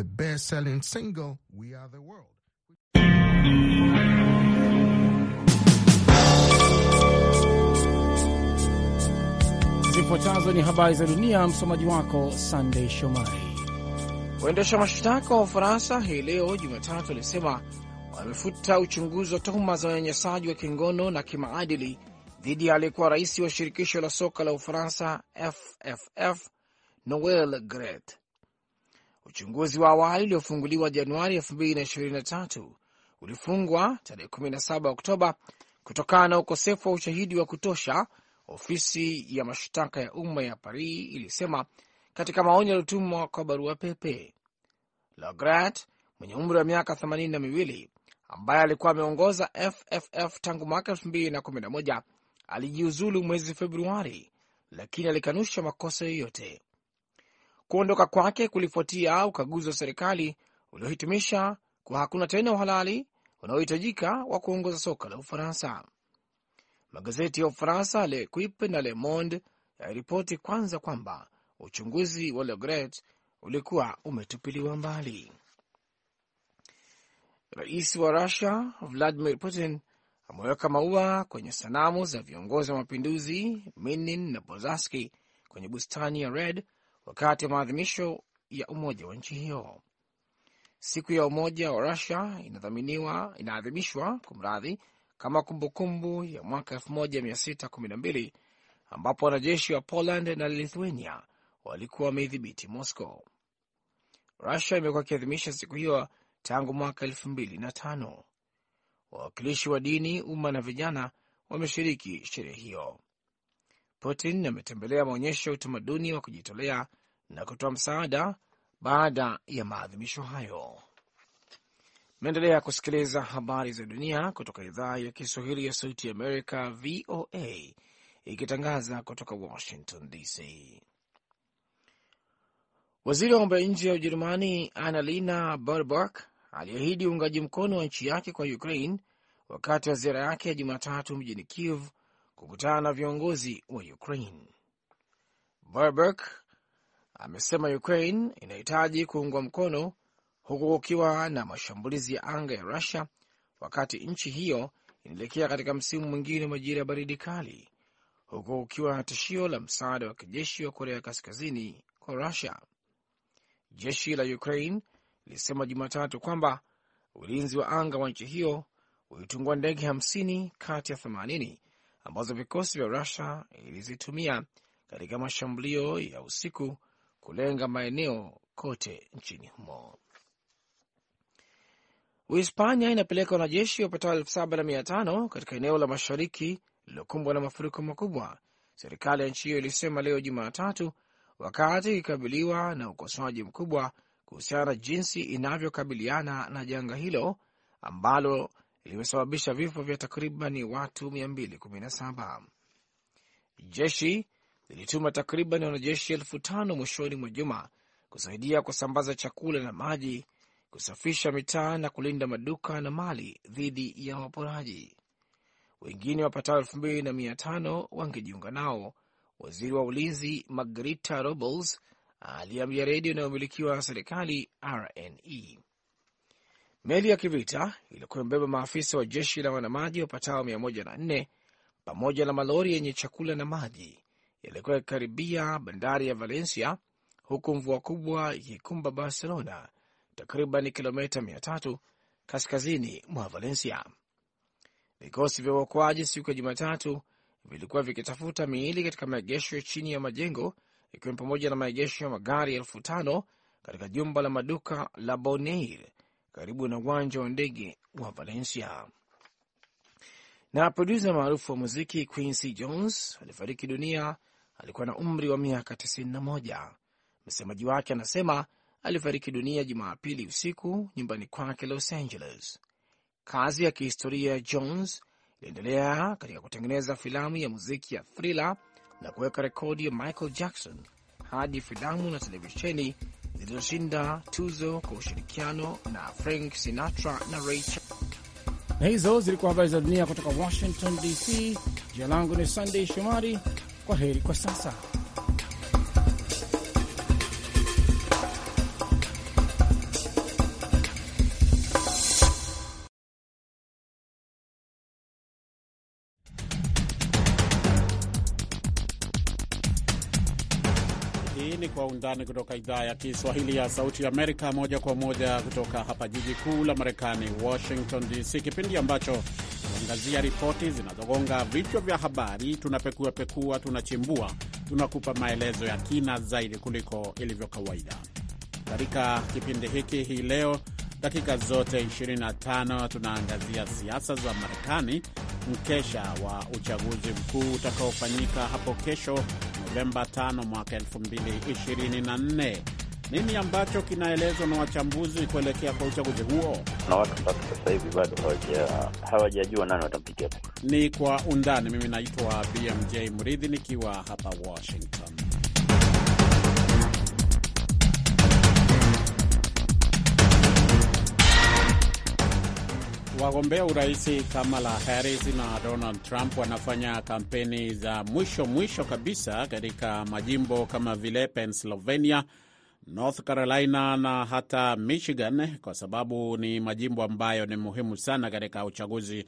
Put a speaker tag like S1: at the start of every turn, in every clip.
S1: the best-selling single We Are the World.
S2: Zifuatazo ni habari za dunia, msomaji wako Sandey Shomari. Waendesha mashtaka wa Ufaransa hii leo Jumatatu walisema wamefuta uchunguzi wa tuhuma za unyanyasaji wa kingono na kimaadili dhidi ya aliyekuwa rais wa shirikisho la soka la Ufaransa FFF Noel Gret. Uchunguzi wa awali uliofunguliwa Januari 2023 ulifungwa tarehe 17 Oktoba kutokana na ukosefu wa ushahidi wa kutosha, ofisi ya mashtaka ya umma ya Paris ilisema katika maoni yaliyotumwa kwa barua pepe. Lagrat mwenye umri wa miaka themanini na miwili ambaye alikuwa ameongoza FFF tangu mwaka 2011 alijiuzulu mwezi Februari, lakini alikanusha makosa yoyote. Kuondoka kwake kulifuatia ukaguzi wa serikali uliohitimisha kuwa hakuna tena uhalali unaohitajika wa kuongoza soka la Ufaransa. Magazeti ya Ufaransa Quipe na Le Monde yaliripoti kwanza kwamba uchunguzi wa Legret ulikuwa umetupiliwa mbali. Rais wa Rusia Vladimir Putin ameweka maua kwenye sanamu za viongozi wa mapinduzi Minin na Bozaski kwenye bustani ya Red wakati wa maadhimisho ya umoja wa nchi hiyo. Siku ya umoja wa Rusia inadhaminiwa inaadhimishwa kumradhi, kama kumbukumbu kumbu ya mwaka 1612 ambapo wanajeshi wa Poland na Lithuania walikuwa wameidhibiti Moscow. Rusia imekuwa ikiadhimisha siku hiyo tangu mwaka 2005. Wawakilishi wa dini, umma na vijana wameshiriki sherehe hiyo. Putin ametembelea maonyesho ya utamaduni wa kujitolea na kutoa msaada baada ya maadhimisho hayo. Meendelea kusikiliza habari za dunia kutoka idhaa ya Kiswahili ya Sauti ya Amerika, VOA, ikitangaza kutoka Washington DC. Waziri wa mambo ya nje ya Ujerumani Annalena Baerbock aliahidi uungaji mkono wa nchi yake kwa Ukraine wakati wa ziara yake ya Jumatatu mjini Kiev kukutana na viongozi wa Ukraine. Burberk amesema Ukraine inahitaji kuungwa mkono huku kukiwa na mashambulizi ya anga ya Rusia, wakati nchi hiyo inaelekea katika msimu mwingine wa majira ya baridi kali, huku kukiwa na tishio la msaada wa kijeshi wa Korea Kaskazini kwa Rusia. Jeshi la Ukraine lilisema Jumatatu kwamba ulinzi wa anga wa nchi hiyo ulitungua ndege 50 kati ya ambazo vikosi vya Rusia ilizitumia katika mashambulio ya usiku kulenga maeneo kote nchini humo. Uhispania inapeleka wanajeshi wapatao elfu saba na mia tano katika eneo la mashariki lililokumbwa na mafuriko makubwa, serikali ya nchi hiyo ilisema leo Jumatatu, wakati ikikabiliwa na ukosoaji mkubwa kuhusiana na jinsi inavyokabiliana na janga hilo ambalo limesababisha vifo vya takriban watu 217. Jeshi lilituma takriban wanajeshi elfu tano mwishoni mwa juma kusaidia kusambaza chakula na maji, kusafisha mitaa na kulinda maduka na mali dhidi ya waporaji. Wengine wapatao elfu mbili na mia tano wangejiunga nao. Waziri wa ulinzi Margarita Robles aliambia redio inayomilikiwa na serikali RNE. Meli ya kivita ilikuwa imebeba maafisa wa jeshi la wanamaji wapatao 104 pamoja na malori yenye chakula na maji yaliyokuwa yakikaribia bandari ya Valencia, huku mvua kubwa ikikumba Barcelona, takriban kilomita 300 kaskazini mwa Valencia. Vikosi vya uokoaji siku ya Jumatatu vilikuwa vikitafuta miili katika maegesho chini ya majengo, ikiwa ni pamoja na maegesho ya magari elfu tano katika jumba la maduka la Bonaire karibu na uwanja wa ndege wa Valencia. Na produsa maarufu wa muziki Quincy Jones alifariki dunia, alikuwa na umri wa miaka 91. Msemaji wake anasema alifariki dunia Jumapili usiku nyumbani kwake Los Angeles. Kazi ya kihistoria ya Jones iliendelea katika kutengeneza filamu ya muziki ya Thriller na kuweka rekodi ya Michael Jackson hadi filamu na televisheni zilizoshinda tuzo kwa ushirikiano na Frank Sinatra na Ray Charles. Na hizo zilikuwa habari za dunia kutoka Washington DC. Jina langu ni Sunday Shomari. Kwa heri kwa sasa.
S3: Undani kutoka idhaa ya Kiswahili ya Sauti Amerika, moja kwa moja kutoka hapa jiji kuu la Marekani, Washington DC, kipindi ambacho tunaangazia ripoti zinazogonga vichwa vya habari. Tunapekua pekua, tunachimbua, tunakupa maelezo ya kina zaidi kuliko ilivyo kawaida. Katika kipindi hiki hii leo, dakika zote 25, tunaangazia siasa za Marekani, mkesha wa uchaguzi mkuu utakaofanyika hapo kesho Novemba 5 mwaka 2024. Nini ambacho kinaelezwa na wachambuzi kuelekea kwa uchaguzi huo?
S4: Na watu mpaka sasa hivi bado hawajajua nani watampigia.
S3: Ni kwa undani. Mimi naitwa BMJ Mridhi nikiwa hapa Washington. Wagombea urais Kamala Harris na Donald Trump wanafanya kampeni za mwisho mwisho kabisa katika majimbo kama vile Pennsylvania, North Carolina na hata Michigan, kwa sababu ni majimbo ambayo ni muhimu sana katika uchaguzi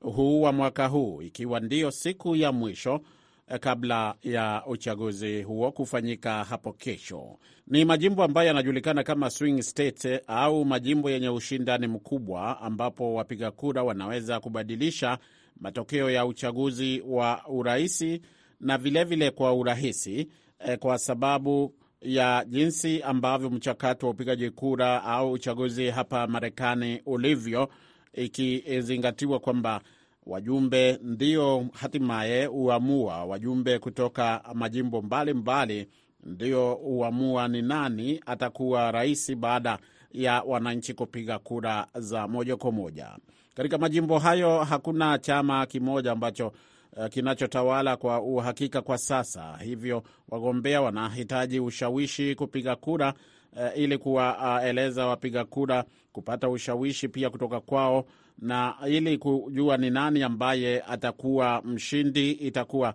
S3: huu wa mwaka huu, ikiwa ndiyo siku ya mwisho Eh, kabla ya uchaguzi huo kufanyika hapo kesho. Ni majimbo ambayo yanajulikana kama swing state eh, au majimbo yenye ushindani mkubwa, ambapo wapiga kura wanaweza kubadilisha matokeo ya uchaguzi wa uraisi na vilevile vile kwa urahisi eh, kwa sababu ya jinsi ambavyo mchakato wa upigaji kura au uchaguzi hapa Marekani ulivyo, ikizingatiwa kwamba Wajumbe ndio hatimaye huamua, wajumbe kutoka majimbo mbalimbali mbali, ndio huamua ni nani atakuwa rais baada ya wananchi kupiga kura za moja kwa moja. Katika majimbo hayo hakuna chama kimoja ambacho eh, kinachotawala kwa uhakika kwa sasa, hivyo wagombea wanahitaji ushawishi kupiga kura, uh, ili kuwaeleza uh, wapiga kura, kupata ushawishi pia kutoka kwao na ili kujua ni nani ambaye atakuwa mshindi itakuwa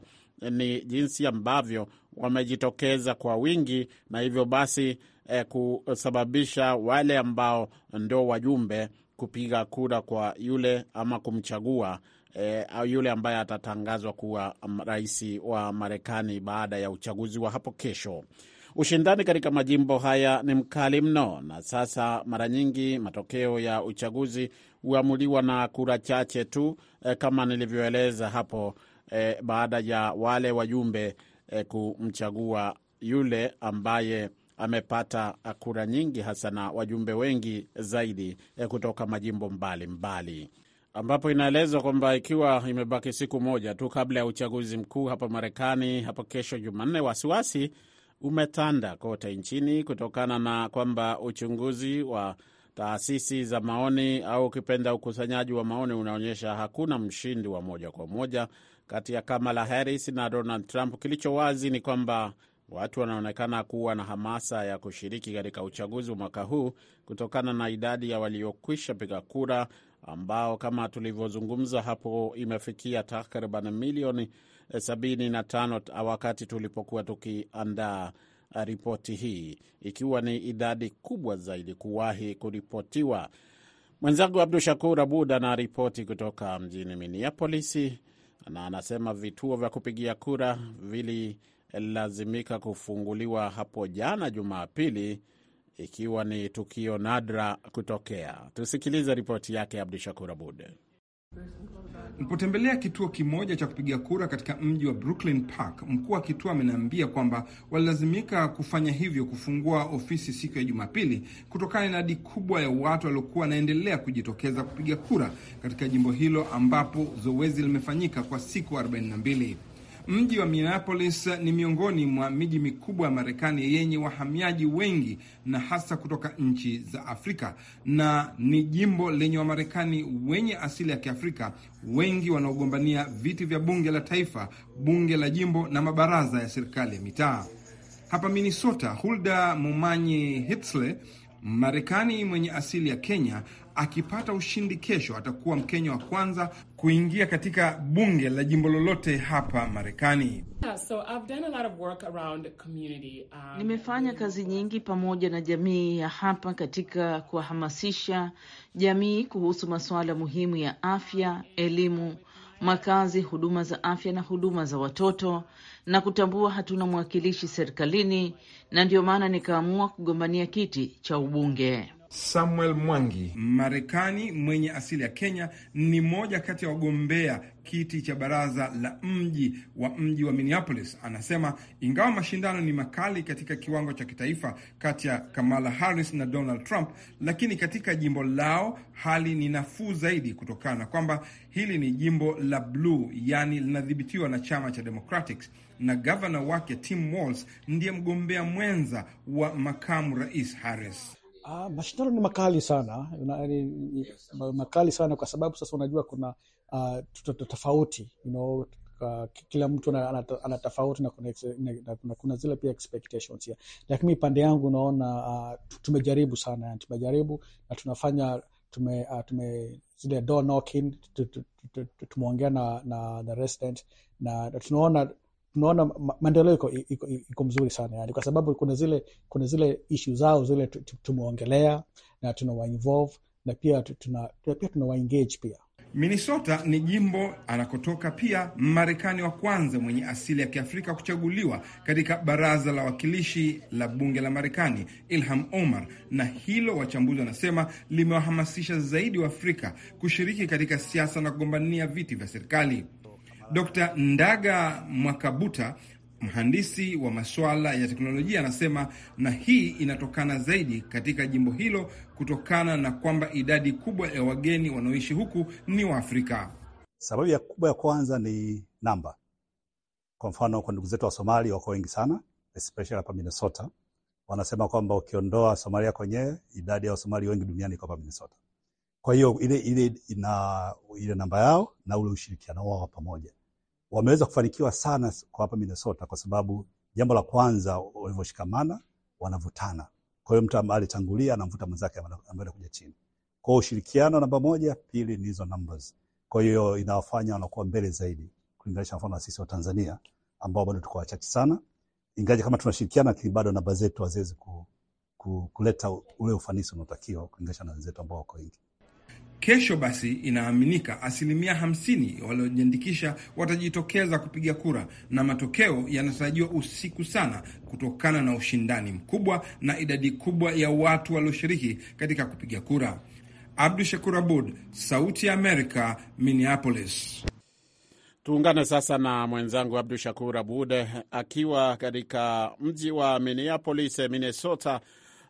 S3: ni jinsi ambavyo wamejitokeza kwa wingi na hivyo basi eh, kusababisha wale ambao ndio wajumbe kupiga kura kwa yule ama kumchagua eh, au yule ambaye atatangazwa kuwa rais wa Marekani baada ya uchaguzi wa hapo kesho. Ushindani katika majimbo haya ni mkali mno, na sasa mara nyingi matokeo ya uchaguzi huamuliwa na kura chache tu, eh, kama nilivyoeleza hapo eh, baada ya wale wajumbe eh, kumchagua yule ambaye amepata kura nyingi hasa na wajumbe wengi zaidi eh, kutoka majimbo mbalimbali mbali ambapo inaelezwa kwamba ikiwa imebaki siku moja tu kabla ya uchaguzi mkuu hapa Marekani hapo kesho Jumanne, wasiwasi umetanda kote nchini kutokana na kwamba uchunguzi wa taasisi za maoni au ukipenda ukusanyaji wa maoni unaonyesha hakuna mshindi wa moja kwa moja kati ya Kamala Harris na Donald Trump. Kilicho wazi ni kwamba watu wanaonekana kuwa na hamasa ya kushiriki katika uchaguzi wa mwaka huu kutokana na idadi ya waliokwisha piga kura ambao kama tulivyozungumza hapo imefikia takriban milioni 75 eh, wakati tulipokuwa tukiandaa eh, ripoti hii, ikiwa ni idadi kubwa zaidi kuwahi kuripotiwa. Mwenzangu Abdu Shakur Abud ana ripoti kutoka mjini Minneapolis na anasema vituo vya kupigia kura vililazimika kufunguliwa hapo jana Jumapili ikiwa ni tukio nadra kutokea. Tusikilize ripoti yake Abdu Shakur Abud.
S1: Mlipotembelea kituo kimoja cha kupiga kura katika mji wa Brooklyn Park, mkuu wa kituo ameniambia kwamba walilazimika kufanya hivyo, kufungua ofisi siku ya Jumapili kutokana na idadi kubwa ya watu waliokuwa wanaendelea kujitokeza kupiga kura katika jimbo hilo ambapo zoezi limefanyika kwa siku 42. Mji wa Minneapolis ni miongoni mwa miji mikubwa ya Marekani yenye wahamiaji wengi na hasa kutoka nchi za Afrika, na ni jimbo lenye Wamarekani wenye asili ya Kiafrika wengi wanaogombania viti vya bunge la taifa, bunge la jimbo na mabaraza ya serikali ya mitaa. Hapa Minnesota, Hulda Momanyi Hitzle Marekani mwenye asili ya Kenya akipata ushindi kesho, atakuwa Mkenya wa kwanza kuingia katika bunge la jimbo lolote hapa Marekani.
S5: Um, nimefanya kazi nyingi pamoja na jamii ya hapa katika kuwahamasisha jamii kuhusu masuala muhimu ya afya, elimu, makazi, huduma za afya na huduma za watoto na kutambua hatuna mwakilishi serikalini, na ndiyo maana nikaamua kugombania kiti cha ubunge.
S1: Samuel Mwangi, Marekani mwenye asili ya Kenya, ni mmoja kati ya wagombea kiti cha baraza la mji wa mji wa Minneapolis. Anasema ingawa mashindano ni makali katika kiwango cha kitaifa kati ya Kamala Harris na Donald Trump, lakini katika jimbo lao hali ni nafuu zaidi kutokana na kwamba hili ni jimbo la bluu, yaani linadhibitiwa na chama cha Democratics na gavana wake Tim Walz ndiye mgombea mwenza wa makamu rais Harris.
S2: Ah, mashindano ni makali sana yes, makali sana kwa sababu sasa unajua kuna uh, tofauti you know, Uh, kila mtu ana tofauti na kuna, na, na kuna zile pia expectations yeah. Lakini pande yangu naona uh, tumejaribu sana yani, tumejaribu na tunafanya tume, uh, tume zile door knocking tumeongea na, na, na resident na tunaona tunaona maendeleo iko, iko, iko mzuri sana yani, kwa sababu kuna zile kuna zile ishu zao zile tumeongelea na tunawainvolve na pia tuna, pia tunawaengage pia. Minnesota ni jimbo
S1: anakotoka pia Marekani wa kwanza mwenye asili ya Kiafrika kuchaguliwa katika baraza la wakilishi la bunge la Marekani, Ilham Omar, na hilo wachambuzi wanasema limewahamasisha zaidi Waafrika kushiriki katika siasa na kugombania viti vya serikali. Dr. Ndaga Mwakabuta mhandisi wa masuala ya teknolojia anasema, na hii inatokana zaidi katika jimbo hilo kutokana na kwamba idadi kubwa ya wageni wanaoishi huku ni Waafrika. Sababu
S6: ya kubwa ya kwanza ni namba. Kwa mfano, kwa ndugu zetu wa Somali wako wengi sana, especially hapa Minnesota. Wanasema kwamba ukiondoa Somalia kwenyewe, idadi ya Wasomali wengi duniani iko hapa Minnesota. Kwa hiyo ile ile ina ile namba yao na ule ushirikiano wao pamoja wameweza kufanikiwa sana kwa hapa Minnesota kwa sababu jambo la kwanza walivyoshikamana, wanavutana. Kwa hiyo mtu ambaye alitangulia anamvuta mwenzake ambaye anakuja chini. Kwa hiyo ushirikiano namba moja, pili ni hizo numbers. Kwa hiyo inawafanya wanakuwa mbele zaidi kulinganisha mfano na sisi wa Tanzania ambao bado tuko wachache sana. ingawa kama tunashirikiana lakini bado namba zetu haziwezi ku, ku, kuleta ule ufanisi unaotakiwa
S1: kulinganisha na wenzetu ambao wako wengi. Kesho basi, inaaminika asilimia hamsini waliojiandikisha watajitokeza kupiga kura, na matokeo yanatarajiwa usiku sana, kutokana na ushindani mkubwa na idadi kubwa ya watu walioshiriki katika kupiga kura. Abdu Shakur Abud, Sauti ya Amerika, Minneapolis.
S3: Tuungane sasa na mwenzangu Abdu Shakur Abud eh, akiwa katika mji wa Minneapolis, eh, Minnesota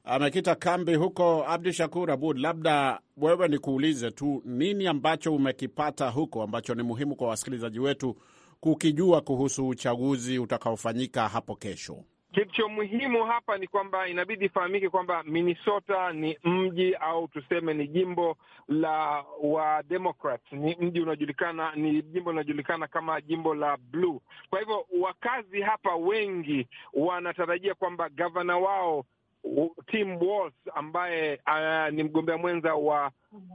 S3: amekita kambi huko. Abdu Shakur Abud, labda wewe nikuulize tu, nini ambacho umekipata huko ambacho ni muhimu kwa wasikilizaji wetu kukijua kuhusu uchaguzi utakaofanyika hapo kesho?
S1: Kilicho muhimu hapa ni kwamba inabidi ifahamike kwamba Minnesota ni mji au tuseme ni jimbo la Wademokrat, ni mji unajulikana, ni jimbo linajulikana kama jimbo la bluu. Kwa hivyo wakazi hapa wengi wanatarajia kwamba gavana wao Tim Walz ambaye uh, ni mgombea mwenza wa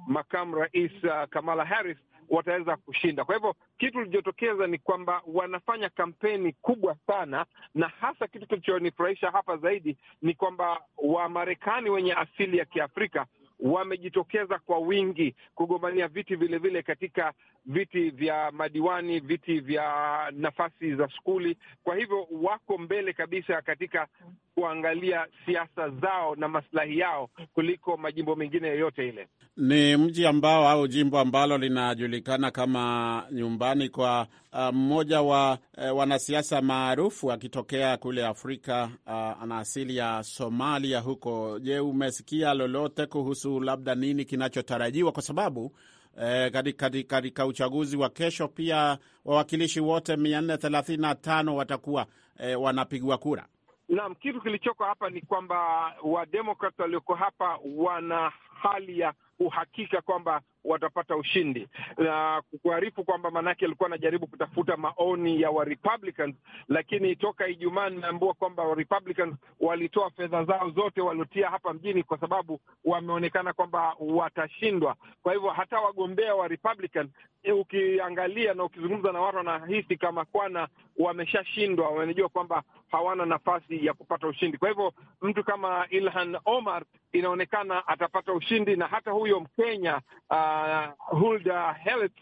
S1: makamu rais uh, Kamala Harris wataweza kushinda. Kwa hivyo kitu kilichotokeza ni kwamba wanafanya kampeni kubwa sana, na hasa kitu kilichonifurahisha hapa zaidi ni kwamba Wamarekani wenye asili ya Kiafrika wamejitokeza kwa wingi kugombania viti vilevile katika viti vya madiwani, viti vya nafasi za skuli. Kwa hivyo wako mbele kabisa katika kuangalia siasa zao na maslahi yao kuliko majimbo mengine yoyote. Ile
S3: ni mji ambao au jimbo ambalo linajulikana kama nyumbani kwa uh, mmoja wa uh, wanasiasa maarufu akitokea kule Afrika uh, ana asili ya Somalia huko. Je, umesikia lolote kuhusu labda nini kinachotarajiwa kwa sababu e, katika uchaguzi wa kesho. Pia wawakilishi wote 435 watakuwa e, wanapigwa kura.
S1: Naam, kitu kilichoko hapa ni kwamba wademokrat walioko hapa wana hali ya uhakika kwamba watapata ushindi, na kuharifu kwamba maanake alikuwa anajaribu kutafuta maoni ya wa Republicans, lakini toka Ijumaa nimeambua kwamba wa Republicans walitoa fedha zao zote waliotia hapa mjini, kwa sababu wameonekana kwamba watashindwa. Kwa hivyo hata wagombea wa Republican ukiangalia na ukizungumza na watu wanahisi kama kwana wameshashindwa, wanajua kwamba hawana nafasi ya kupata ushindi. Kwa hivyo mtu kama Ilhan Omar inaonekana atapata ushindi, na hata huyo Mkenya uh, uh, Hulda Health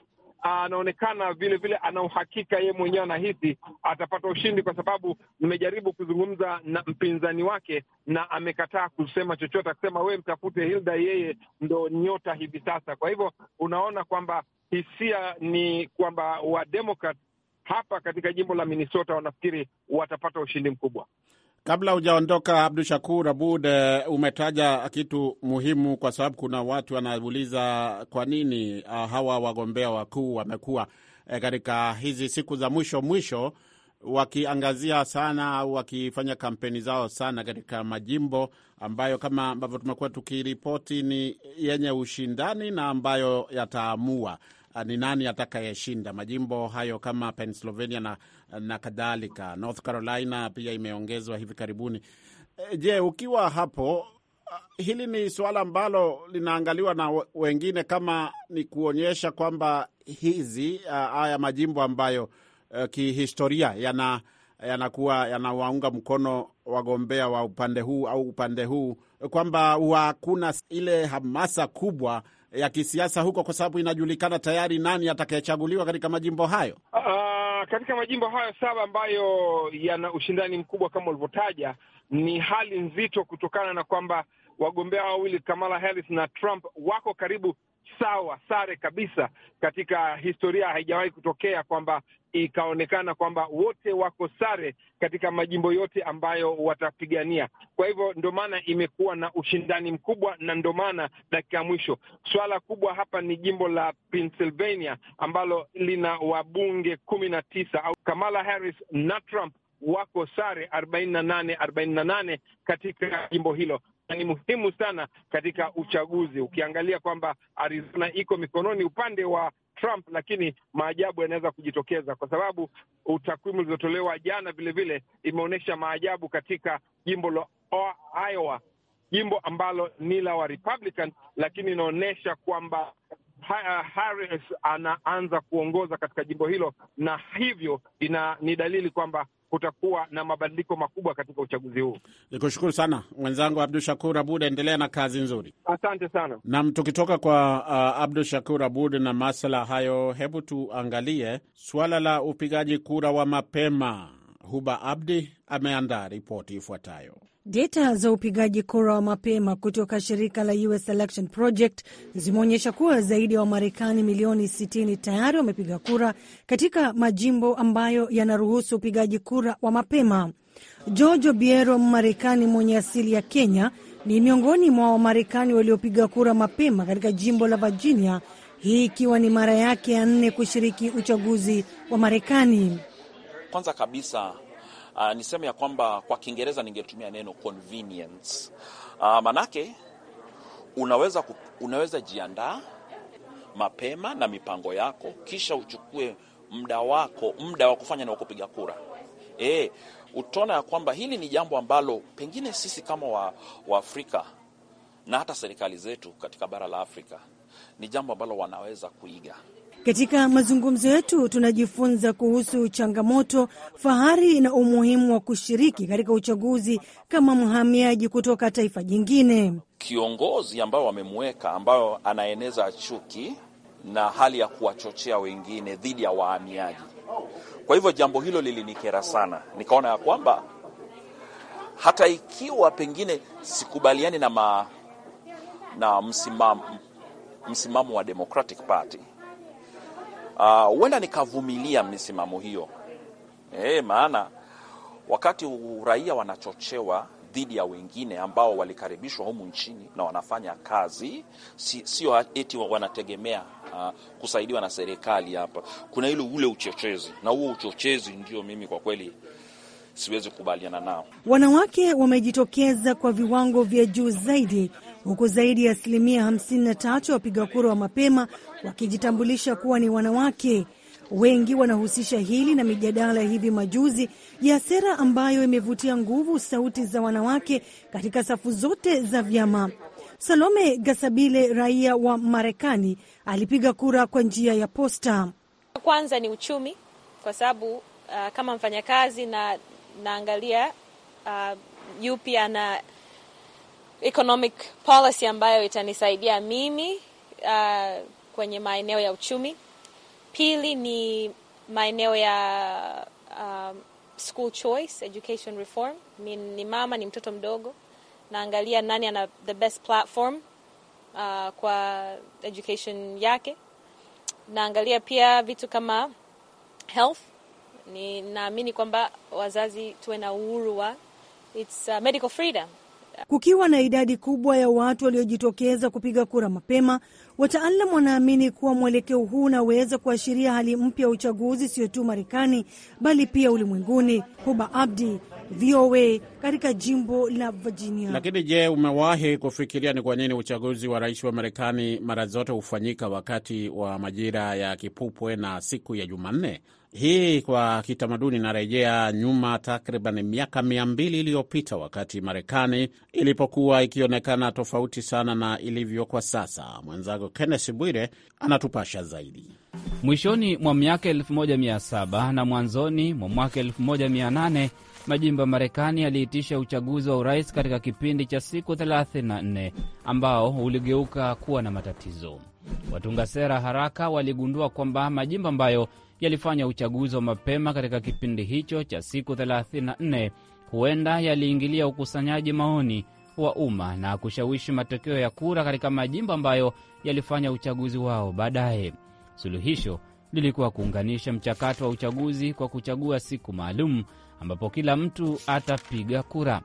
S1: uh, anaonekana uh, vile vile ana uhakika yeye mwenyewe anahisi atapata ushindi, kwa sababu nimejaribu kuzungumza na mpinzani wake na amekataa kusema chochote, akisema wewe mtafute Hilda, yeye ndo nyota hivi sasa. Kwa hivyo unaona kwamba hisia ni kwamba Wademokrat hapa katika jimbo la Minnesota wanafikiri watapata ushindi mkubwa.
S3: Kabla hujaondoka Abdu Shakur Abud, eh, umetaja kitu muhimu, kwa sababu kuna watu wanauliza kwa nini ah, hawa wagombea wakuu wamekuwa eh, katika hizi siku za mwisho mwisho wakiangazia sana au wakifanya kampeni zao sana katika majimbo ambayo kama ambavyo tumekuwa tukiripoti ni yenye ushindani na ambayo yataamua Ah, ni nani atakayeshinda majimbo hayo kama Pennsylvania na, na kadhalika. North Carolina pia imeongezwa hivi karibuni. Eh, je, ukiwa hapo, ah, hili ni suala ambalo linaangaliwa na wengine kama ni kuonyesha kwamba hizi ah, haya majimbo ambayo eh, kihistoria yana yanakuwa yanawaunga mkono wagombea wa upande huu au upande huu, kwamba hakuna ile hamasa kubwa ya kisiasa huko, kwa sababu inajulikana tayari nani atakayechaguliwa katika majimbo hayo?
S1: Uh, katika majimbo hayo saba ambayo yana ushindani mkubwa kama ulivyotaja, ni hali nzito kutokana na kwamba wagombea wawili Kamala Harris na Trump wako karibu sawa, sare kabisa. Katika historia haijawahi kutokea kwamba ikaonekana kwamba wote wako sare katika majimbo yote ambayo watapigania. Kwa hivyo ndio maana imekuwa na ushindani mkubwa, na ndio maana dakika ya mwisho. suala kubwa hapa ni jimbo la Pennsylvania ambalo lina wabunge kumi na tisa au Kamala Harris na Trump wako sare arobaini na nane arobaini na nane katika jimbo hilo ni muhimu sana katika uchaguzi, ukiangalia kwamba Arizona iko mikononi upande wa Trump, lakini maajabu yanaweza kujitokeza kwa sababu takwimu zilizotolewa jana vilevile imeonyesha maajabu katika jimbo la Iowa, jimbo ambalo ni la wa Republican, lakini inaonyesha kwamba Uh, Harris anaanza kuongoza katika jimbo hilo, na hivyo ina ni dalili kwamba kutakuwa na mabadiliko makubwa katika uchaguzi huu. Ni kushukuru sana
S3: mwenzangu Abdu Shakur Abud, endelea na kazi nzuri,
S1: asante sana.
S3: Nam, tukitoka kwa uh, Abdu Shakur Abud na masala hayo, hebu tuangalie suala la upigaji kura wa mapema. Huba Abdi ameandaa ripoti ifuatayo.
S7: Data za upigaji kura wa mapema kutoka shirika la US Election Project zimeonyesha kuwa zaidi ya wa Wamarekani milioni 60 tayari wamepiga kura katika majimbo ambayo yanaruhusu upigaji kura wa mapema. George Obiero, Mmarekani mwenye asili ya Kenya, ni miongoni mwa Wamarekani waliopiga kura mapema katika jimbo la Virginia, hii ikiwa ni mara yake ya nne kushiriki uchaguzi wa Marekani.
S6: Kwanza kabisa uh, niseme ya kwamba kwa Kiingereza ningetumia neno convenience. Uh, manake unaweza, ku, unaweza jiandaa mapema na mipango yako kisha uchukue muda wako muda wa kufanya na kupiga kura. E, utaona ya kwamba hili ni jambo ambalo pengine sisi kama wa, wa Afrika na hata serikali zetu katika bara la Afrika ni jambo ambalo wanaweza kuiga.
S7: Katika mazungumzo yetu tunajifunza kuhusu changamoto, fahari na umuhimu wa kushiriki katika uchaguzi kama mhamiaji kutoka taifa jingine.
S6: Kiongozi ambayo wamemweka, ambayo anaeneza chuki na hali ya kuwachochea wengine dhidi ya wahamiaji. Kwa hivyo jambo hilo lilinikera sana, nikaona ya kwamba hata ikiwa pengine sikubaliani na, ma, na msimamo msimamo wa Democratic Party Ah, huenda uh, nikavumilia misimamo hiyo e, maana wakati raia wanachochewa dhidi ya wengine ambao walikaribishwa humu nchini na wanafanya kazi, sio eti wanategemea uh, kusaidiwa na serikali. Hapa kuna ile ule uchochezi, na huo uchochezi ndio mimi kwa kweli siwezi kukubaliana nao.
S7: Wanawake wamejitokeza kwa viwango vya juu zaidi huku zaidi ya asilimia 53 wapiga kura wa mapema wakijitambulisha kuwa ni wanawake. Wengi wanahusisha hili na mijadala ya hivi majuzi ya sera ambayo imevutia nguvu sauti za wanawake katika safu zote za vyama. Salome Gasabile, raia wa Marekani, alipiga kura kwa njia ya posta. Kwanza
S2: ni uchumi, kwa sababu uh, kama mfanyakazi na naangalia uh, yupi ana economic policy ambayo itanisaidia mimi uh, kwenye maeneo ya uchumi. Pili ni maeneo ya um, school choice education reform. Mi ni mama, ni mtoto mdogo, naangalia nani ana the best platform uh, kwa education yake. Naangalia pia vitu kama health. Ninaamini kwamba wazazi tuwe na uhuru wa it's uh, medical freedom
S7: Kukiwa na idadi kubwa ya watu waliojitokeza kupiga kura mapema, wataalam wanaamini kuwa mwelekeo huu unaweza kuashiria hali mpya ya uchaguzi, sio tu Marekani bali pia ulimwenguni. Huba Abdi, VOA katika jimbo la Virginia.
S3: Lakini je, umewahi kufikiria ni kwa nini uchaguzi wa rais wa Marekani mara zote hufanyika wakati wa majira ya kipupwe na siku ya Jumanne? Hii kwa kitamaduni inarejea nyuma takriban miaka mia mbili iliyopita wakati Marekani ilipokuwa ikionekana tofauti sana na ilivyo kwa sasa. Mwenzangu Kenneth Bwire anatupasha zaidi.
S5: Mwishoni mwa miaka 1700 na mwanzoni mwa mwaka 1800 majimbo ya Marekani yaliitisha uchaguzi wa urais katika kipindi cha siku 34 ambao uligeuka kuwa na matatizo. Watunga sera haraka waligundua kwamba majimbo ambayo yalifanya uchaguzi wa mapema katika kipindi hicho cha siku 34 huenda yaliingilia ukusanyaji maoni wa umma na kushawishi matokeo ya kura katika majimbo ambayo yalifanya uchaguzi wao baadaye. Suluhisho lilikuwa kuunganisha mchakato wa uchaguzi kwa kuchagua siku maalum ambapo kila mtu atapiga kura.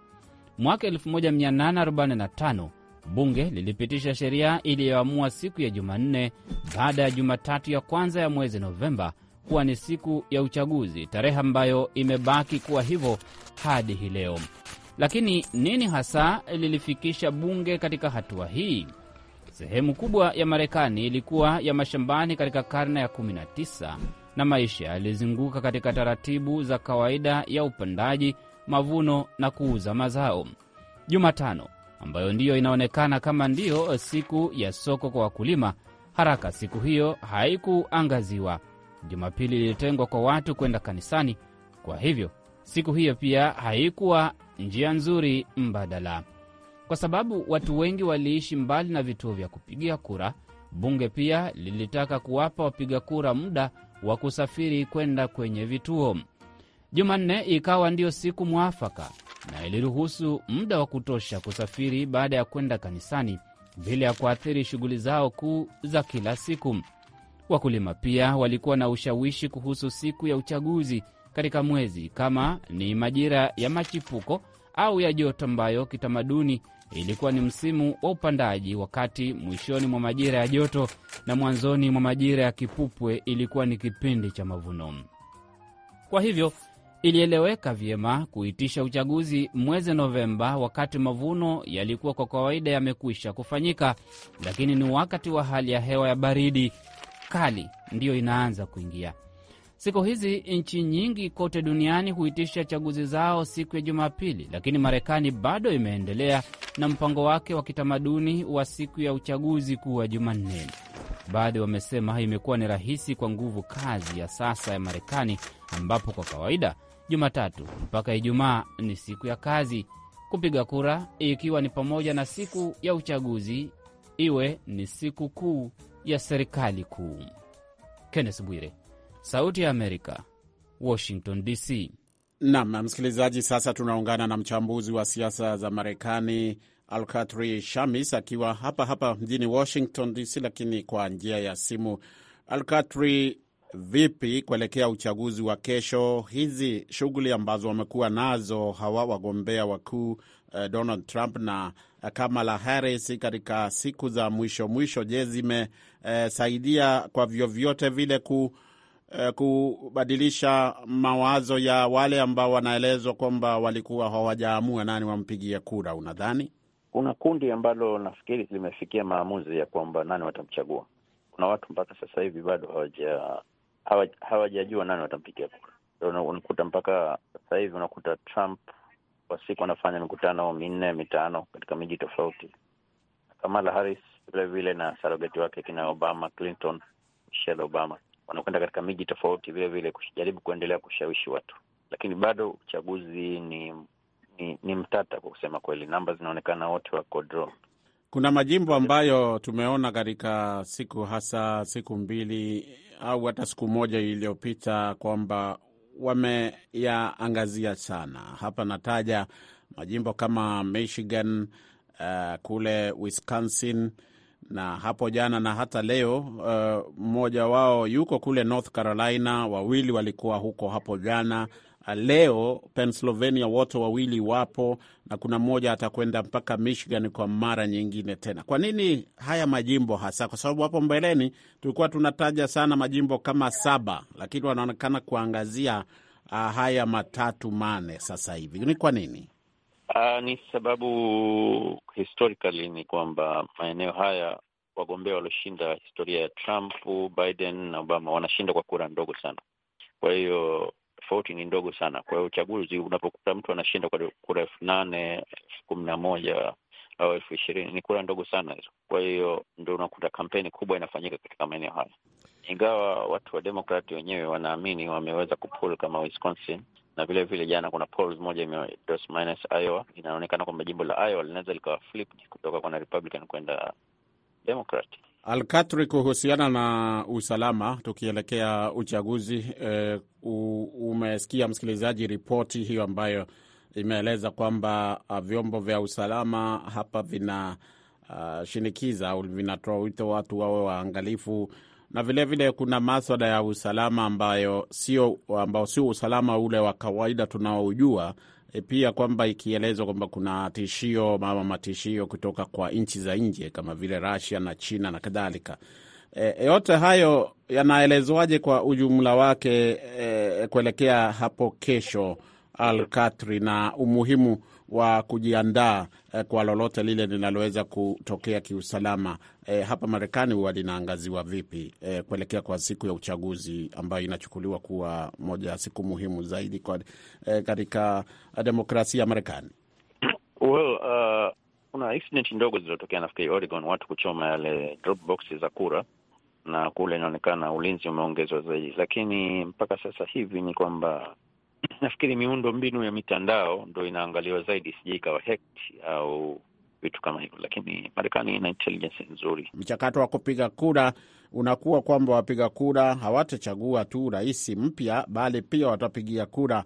S5: Mwaka 1845 bunge lilipitisha sheria iliyoamua siku ya Jumanne baada ya Jumatatu ya kwanza ya mwezi Novemba kuwa ni siku ya uchaguzi, tarehe ambayo imebaki kuwa hivyo hadi hii leo. Lakini nini hasa lilifikisha bunge katika hatua hii? Sehemu kubwa ya Marekani ilikuwa ya mashambani katika karne ya 19 na maisha yalizunguka katika taratibu za kawaida ya upandaji, mavuno na kuuza mazao. Jumatano ambayo ndiyo inaonekana kama ndiyo siku ya soko kwa wakulima, haraka siku hiyo haikuangaziwa. Jumapili ilitengwa kwa watu kwenda kanisani, kwa hivyo siku hiyo pia haikuwa njia nzuri mbadala. Kwa sababu watu wengi waliishi mbali na vituo vya kupigia kura, bunge pia lilitaka kuwapa wapiga kura muda wa kusafiri kwenda kwenye vituo. Jumanne ikawa ndiyo siku mwafaka na iliruhusu muda wa kutosha kusafiri baada ya kwenda kanisani bila ya kuathiri shughuli zao kuu za kila siku. Wakulima pia walikuwa na ushawishi kuhusu siku ya uchaguzi katika mwezi, kama ni majira ya machipuko au ya joto, ambayo kitamaduni ilikuwa ni msimu wa upandaji, wakati mwishoni mwa majira ya joto na mwanzoni mwa majira ya kipupwe ilikuwa ni kipindi cha mavuno. Kwa hivyo ilieleweka vyema kuitisha uchaguzi mwezi Novemba, wakati mavuno yalikuwa kwa kawaida yamekwisha kufanyika, lakini ni wakati wa hali ya hewa ya baridi kali ndiyo inaanza kuingia. Siku hizi nchi nyingi kote duniani huitisha chaguzi zao siku ya Jumapili, lakini Marekani bado imeendelea na mpango wake wa kitamaduni wa siku ya uchaguzi kuwa Jumanne. Baadhi wamesema imekuwa ni rahisi kwa nguvu kazi ya sasa ya Marekani, ambapo kwa kawaida Jumatatu mpaka Ijumaa ni siku ya kazi kupiga kura, ikiwa ni pamoja na siku ya uchaguzi iwe ni siku kuu ya serikali kuu. Kenneth Bwire, Sauti ya Amerika, Washington DC nam msikilizaji, sasa tunaungana na
S3: mchambuzi wa siasa za Marekani Alkatri Shamis akiwa hapa hapa mjini Washington DC, lakini kwa njia ya simu. Alkatri, vipi kuelekea uchaguzi wa kesho, hizi shughuli ambazo wamekuwa nazo hawa wagombea wakuu eh, Donald Trump na eh, Kamala Harris katika siku za mwisho mwisho, je, zimesaidia eh, kwa vyovyote vile ku eh, kubadilisha mawazo ya wale ambao wanaelezwa kwamba walikuwa hawajaamua
S4: nani wampigia kura? Unadhani kuna kundi ambalo nafikiri limefikia maamuzi ya kwamba nani watamchagua? Kuna watu mpaka sasa hivi bado hawaja hawajajua nani watampigia kura. Unakuta mpaka sasa hivi unakuta Trump kwa siku anafanya mikutano minne mitano katika miji tofauti. Kamala Harris vilevile na sarogeti wake kina Obama, Clinton, Michelle Obama wanaokwenda katika miji tofauti, vile vile kujaribu kuendelea kushawishi watu, lakini bado uchaguzi ni, ni, ni mtata kwa kusema kweli. Namba zinaonekana wote wako draw.
S3: Kuna majimbo ambayo tumeona katika siku hasa siku mbili au hata siku moja iliyopita kwamba wameyaangazia sana. Hapa nataja majimbo kama Michigan, uh, kule Wisconsin na hapo jana na hata leo uh, mmoja uh, wao yuko kule North Carolina, wawili walikuwa huko hapo jana. Uh, leo Pennsylvania wote wawili wapo, na kuna mmoja atakwenda mpaka Michigan kwa mara nyingine tena. Kwa nini haya majimbo hasa? Kwa sababu hapo mbeleni tulikuwa tunataja sana majimbo kama saba, lakini wanaonekana kuangazia uh, haya matatu mane sasa hivi. Ni kwa nini?
S4: Uh, ni sababu historically ni kwamba maeneo haya wagombea walioshinda historia ya Trump, Biden na Obama wanashinda kwa kura ndogo sana, kwa hiyo tofauti ni ndogo sana. Kwa hiyo uchaguzi unapokuta mtu anashinda kwa kura elfu nane elfu kumi na moja au elfu ishirini ni kura ndogo sana hizo. Kwa hiyo ndo unakuta kampeni kubwa inafanyika katika maeneo haya, ingawa watu wa Demokrati wenyewe wanaamini wameweza kupul kama Wisconsin na vile vile jana kuna polls moja Dos Minus Iowa, inaonekana kwamba jimbo la Iowa linaweza likawa flip kutoka kwa Republican kwenda Democrat.
S3: Alkatri, kuhusiana na usalama tukielekea uchaguzi e, umesikia msikilizaji ripoti hiyo ambayo imeeleza kwamba ah, vyombo vya usalama hapa vina uh, shinikiza au vinatoa wito watu wawe waangalifu na vilevile vile kuna maswala ya usalama ambayo sio ambao sio usalama ule wa kawaida tunaoujua. E, pia kwamba ikielezwa kwamba kuna tishio mama matishio kutoka kwa nchi za nje kama vile Russia na China na kadhalika. E, yote hayo yanaelezwaje kwa ujumla wake e, kuelekea hapo kesho Al-Katri na umuhimu wa kujiandaa eh, kwa lolote lile linaloweza kutokea kiusalama eh, hapa Marekani huwa linaangaziwa vipi eh, kuelekea kwa siku ya uchaguzi ambayo inachukuliwa kuwa moja ya siku muhimu zaidi kwa eh, katika demokrasia ya Marekani?
S4: Well, uh, kuna incident ndogo zilizotokea nafikiri Oregon, watu kuchoma yale drop boxes za kura na kule inaonekana ulinzi umeongezwa zaidi, lakini mpaka sasa hivi ni kwamba nafikiri miundo mbinu ya mitandao ndo inaangaliwa zaidi, sije ikawa au vitu kama hivyo, lakini Marekani ina intelligence nzuri.
S3: Mchakato wa kupiga kura unakuwa kwamba wapiga kura hawatachagua tu rais mpya, bali pia watapigia kura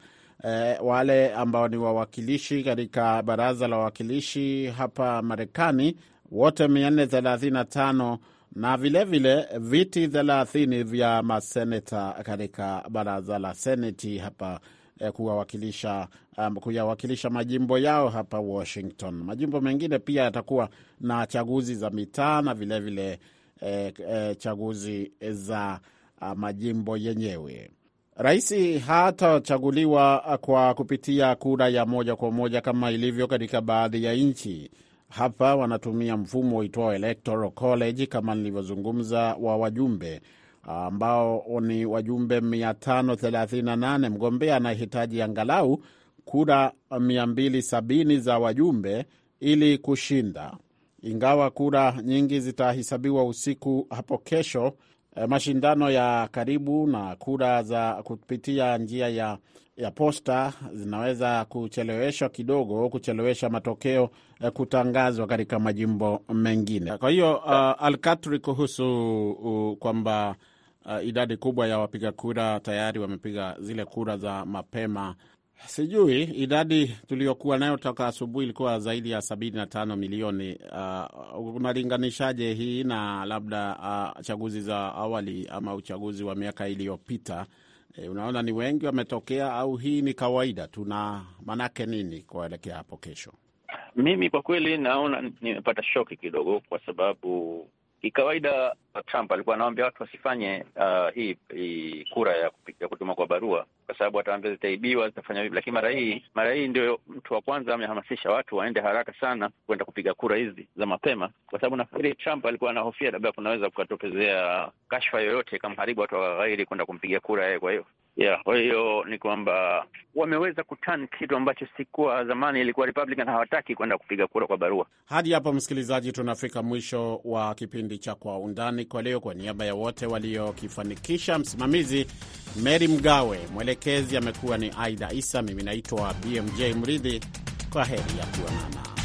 S3: E, wale ambao ni wawakilishi katika baraza la wawakilishi hapa Marekani wote 435 na vilevile vile, viti 30 vya maseneta katika baraza la seneti hapa eh, kuwawakilisha um, kuyawakilisha majimbo yao hapa Washington. Majimbo mengine pia yatakuwa na chaguzi za mitaa na vilevile eh, eh, chaguzi za uh, majimbo yenyewe. Raisi hatachaguliwa ah, kwa kupitia kura ya moja kwa moja kama ilivyo katika baadhi ya nchi. Hapa wanatumia mfumo uitwao Electoral College, kama nilivyozungumza, wa wajumbe ambao ni wajumbe 538. Mgombea anahitaji angalau kura 270 za wajumbe ili kushinda. Ingawa kura nyingi zitahesabiwa usiku hapo kesho, eh, mashindano ya karibu na kura za kupitia njia ya, ya posta zinaweza kucheleweshwa kidogo, kuchelewesha matokeo eh, kutangazwa katika majimbo mengine. Kwa hiyo uh, eh, Alkatri kuhusu uh, kwamba uh, idadi kubwa ya wapiga kura tayari wamepiga zile kura za mapema. Sijui idadi tuliyokuwa nayo toka asubuhi ilikuwa zaidi ya sabini na tano milioni. Uh, unalinganishaje hii na labda uh, chaguzi za awali ama uchaguzi wa miaka iliyopita? E, unaona ni wengi wametokea au hii ni kawaida? Tuna maanake nini kuelekea hapo kesho?
S4: Mimi kwa kweli naona nimepata shoki kidogo, kwa sababu Kikawaida uh, Trump alikuwa anawambia watu wasifanye uh, hii, hii kura ya, ya kutuma kwa barua kwa sababu ataambia zitaibiwa, zitafanya vipi. Lakini mara hii mara hii ndio mtu wa kwanza amehamasisha watu waende haraka sana kwenda kupiga kura hizi za mapema, kwa sababu nafikiri Trump alikuwa anahofia labda kunaweza kukatokezea kashfa yoyote kamharibu watu wa ghairi kwenda kumpiga kura yeye. Kwa hiyo Yeah, kwa hiyo ni kwamba wameweza kutan kitu ambacho sikuwa zamani, ilikuwa Republican hawataki kwenda kupiga kura kwa barua.
S3: Hadi hapo, msikilizaji, tunafika mwisho wa kipindi cha Kwa Undani kwa leo. Kwa niaba ya wote waliokifanikisha, msimamizi Mary Mgawe, mwelekezi amekuwa ni Aida Isa, mimi naitwa BMJ Mridhi. Kwa heri ya kuonana.